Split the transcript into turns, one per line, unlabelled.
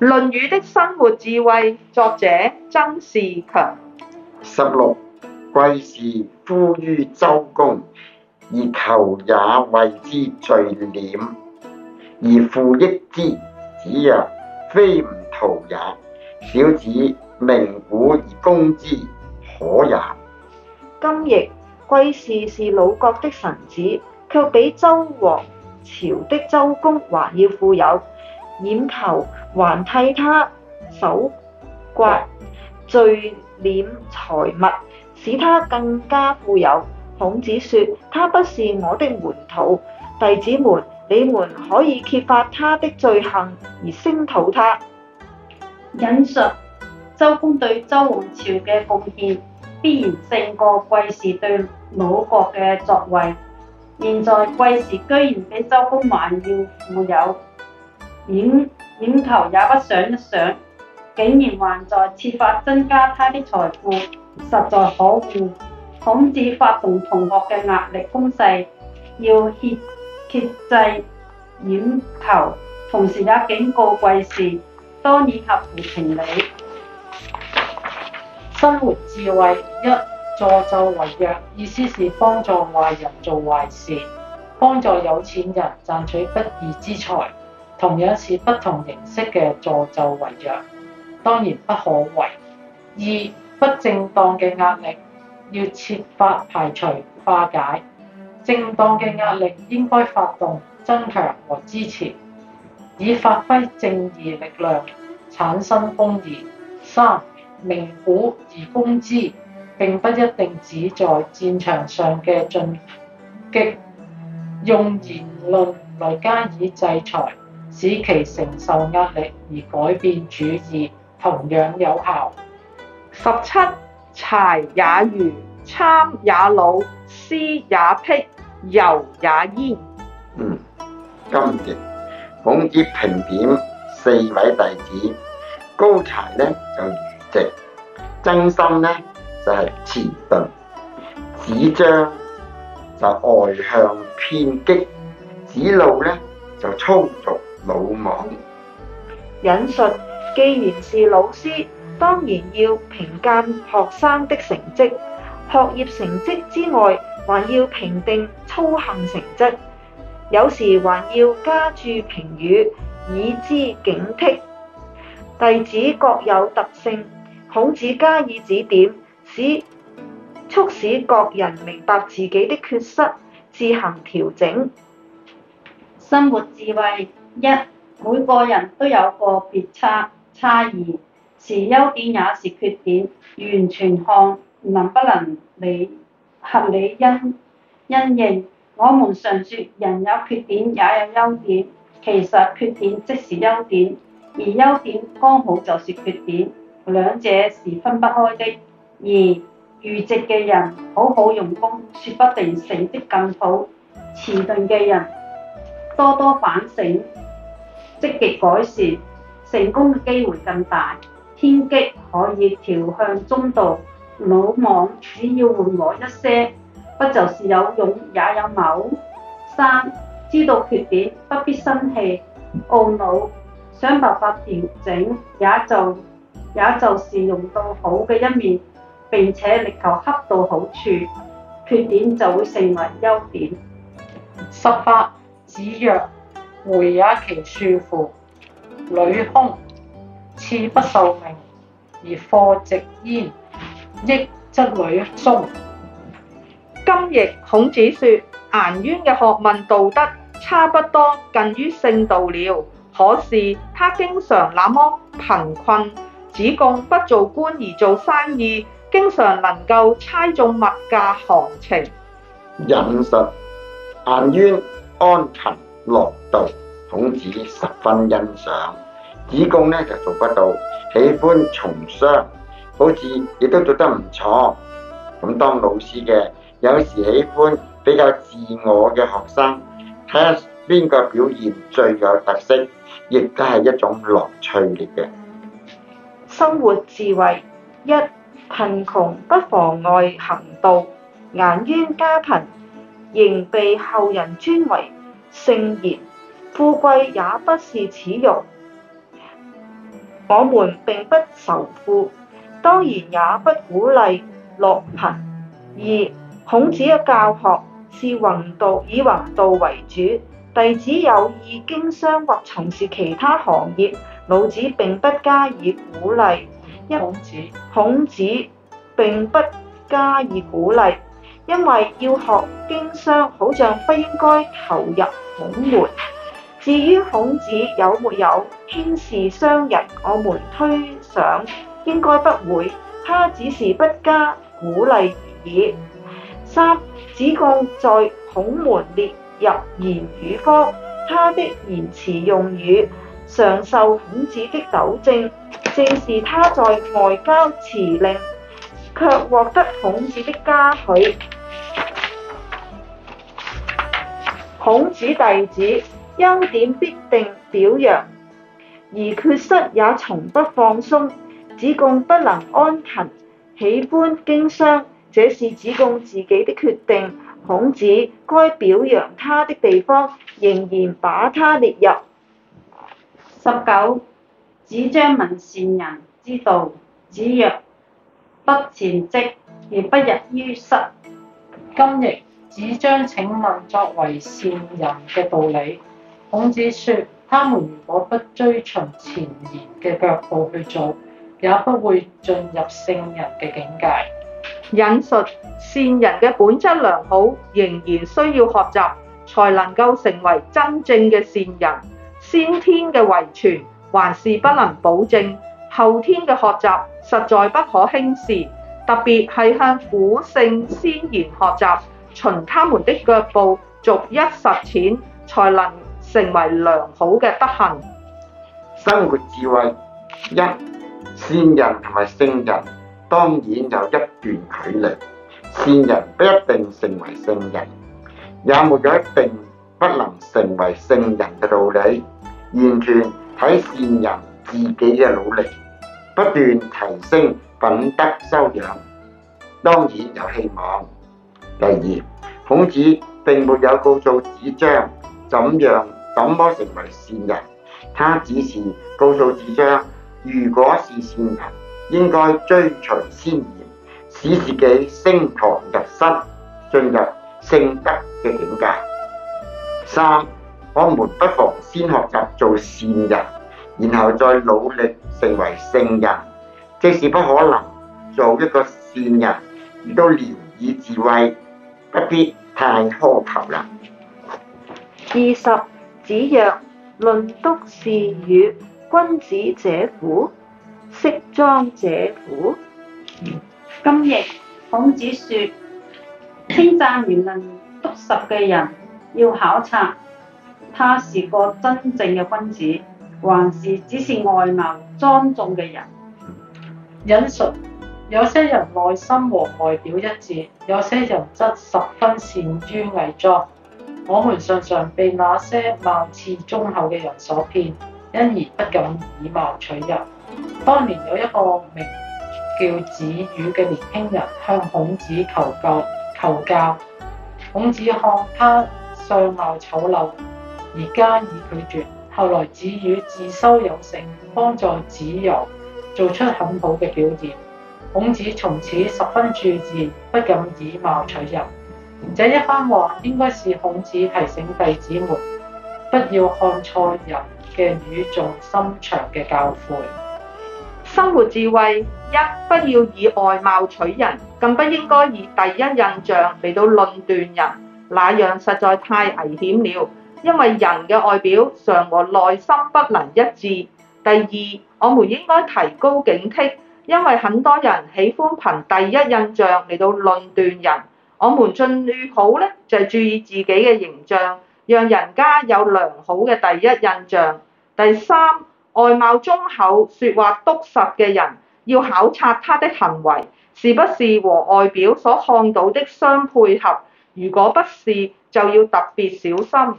《論語》的生活智慧，作者曾仕強。強
十六，季氏富於周公，而求也為之聚斂，而附益之。子曰：非吾徒也。小子鳴鼓而攻之，可也。
今譯季氏是魯國的臣子，卻比周王朝的周公還要富有。冉求還替他搜刮聚斂財物，使他更加富有。孔子說：他不是我的門徒，弟子們，你們可以揭發他的罪行而聲討他。
引述周公對周王朝嘅貢獻，必然勝過季氏對魯國嘅作為。現在季氏居然比周公還要富有。冉冉求也不想一想，竟然還在設法增加他的財富，實在可惡。孔子發動同學嘅壓力攻勢，要挾制冉求，同時也警告季氏：
多以合乎情理。生活智慧一助紂為虐，意思是幫助壞人做壞事，幫助有錢人賺取不義之財。同樣是不同形式嘅助紂為虐，當然不可為。二，不正當嘅壓力要設法排除化解，正當嘅壓力應該發動增強和支持，以發揮正義力量產生公義。三，鳴鼓而攻之並不一定指在戰場上嘅進擊，用言論嚟加以制裁。使其承受壓力而改變主意，同樣有效。十七，柴也
愚，參也魯，師也辟，由也喭。嗯，
金定，孔子評點四位弟子，高柴呢就愚直，曾參呢就係遲鈍，子張就外向偏激，子路呢就粗俗。老魯莽
引述：既然是老師，當然要評鑑學生的成績。學業成績之外，還要評定操行成績，有時還要加注評語，以資警惕。弟子各有特性，孔子加以指點，使促使各人明白自己的缺失，自行調整
生活智慧。一，每個人都有個別差差異，是優點也是缺點，完全看能不能理合理因因應。我們常説人有缺點也有優點，其實缺點即是優點，而優點剛好就是缺點，兩者是分不開的。二，愚直嘅人好好用功，説不定成績更好；遲鈍嘅人多多反省。積極改善，成功嘅機會更大。偏激可以調向中度，魯莽只要緩和一些，不就是有勇也有謀？三，知道缺點不必生氣懊惱，想辦法調整，也就是、也就是用到好嘅一面，並且力求
恰到好處，缺點就會成為優點。十八，子曰。回也其庶乎？屢空，賜不受命而貨殖焉，億則屢
中。今譯，孔子說顏淵嘅學問道德差不多近於聖道了，可是他經常那麼貧困。子貢不做官而做生意，經常能夠猜中物價行情。
引述顏淵安貧樂。道，孔子十分欣賞。子貢呢，就做不到，喜歡從商，好似亦都做得唔錯。咁當老師嘅，有時喜歡比較自我嘅學生，睇下邊個表現最有特色，亦都係一種樂趣嚟嘅。
生活智慧一：貧窮不妨礙行道，顏淵家貧，仍被後人尊為聖賢。富貴也不是恥辱，我們並不仇富，當然也不鼓勵樂貧。二、孔子嘅教學是弘道，以弘道為主。弟子有意經商或從事其他行業，老子並不加以鼓勵。一，孔子孔子並不加以鼓勵，因為要學經商，好像不應該投入孔門。至於孔子有沒有輕視商人，我們推想應該不會，他只是不加鼓勵而已。三，子貢在孔門列入言語科，他的言辭用語常受孔子的糾正，正是他在外交辭令卻獲得孔子的嘉許。孔子弟子。優點必定表揚，而缺失也從不放鬆。子貢不能安貧，喜歡經商，這是子貢自己的決定。孔子該表揚他的地
方，仍然把他列入。十九，子張問善人之道。子曰：不踐跡，而
不入於室。今日子張請問作為善人嘅道理。孔子說：他們如果不追循前賢嘅腳步去做，也不會進入聖人嘅境界。
引述善人嘅本質良好，仍然需要學習，才能夠成為真正嘅善人。先天嘅遺傳還是不能保證，後天嘅學習實在不可輕視，特別係向古聖先賢學習，循他們的腳步，逐一實踐，才能，成為良好嘅德行，
生活智慧，一、善人同埋聖人當然有一段距離，善人不一定成為聖人，也沒有一定不能成為聖人嘅道理，完全睇善人自己嘅努力，不斷提升品德修養，當然有希望。第二，孔子并沒有告訴子張怎樣。怎麼成為善人？他只是告訴子張，如果是善人，應該追隨先賢，使自己升堂入室，進入聖德嘅境界。三，我們不妨先學習做善人，然後再努力成為聖人。即使不可能，做一個善人，亦都聊以自慰，不必太苛求啦。二
十。子曰：論篤是與君子者
乎？色莊者乎？今日孔子說，稱讚言論篤實嘅人，要考察他係個真正嘅君子，還是只是外貌
莊重嘅人。引述：「有些人內心和外表一致，有些人則十分善於偽裝。我們常常被那些貌似忠厚嘅人所騙，因而不敢以貌取人。當年有一個名叫子羽嘅年輕人向孔子求教，求教。孔子看他相貌醜陋，而加以拒絕。後來子羽自修有成，幫助子游做出很好嘅表現，孔子從此十分注意，不敢以貌取人。這一番話應該是孔子提醒弟子們不要看錯人嘅語重心長嘅教誨。
生活智慧一，不要以外貌取人，更不應該以第一印象嚟到論斷人，那樣實在太危險了，因為人嘅外表常和內心不能一致。第二，我們應該提高警惕，因為很多人喜歡憑第一印象嚟到論斷人。我們進好呢，就係、是、注意自己嘅形象，讓人家有良好嘅第一印象。第三，外貌忠厚、説話篤實嘅人，要考察他的行為，是不是和外表所看到的相配合。如果不是，就要特別小心。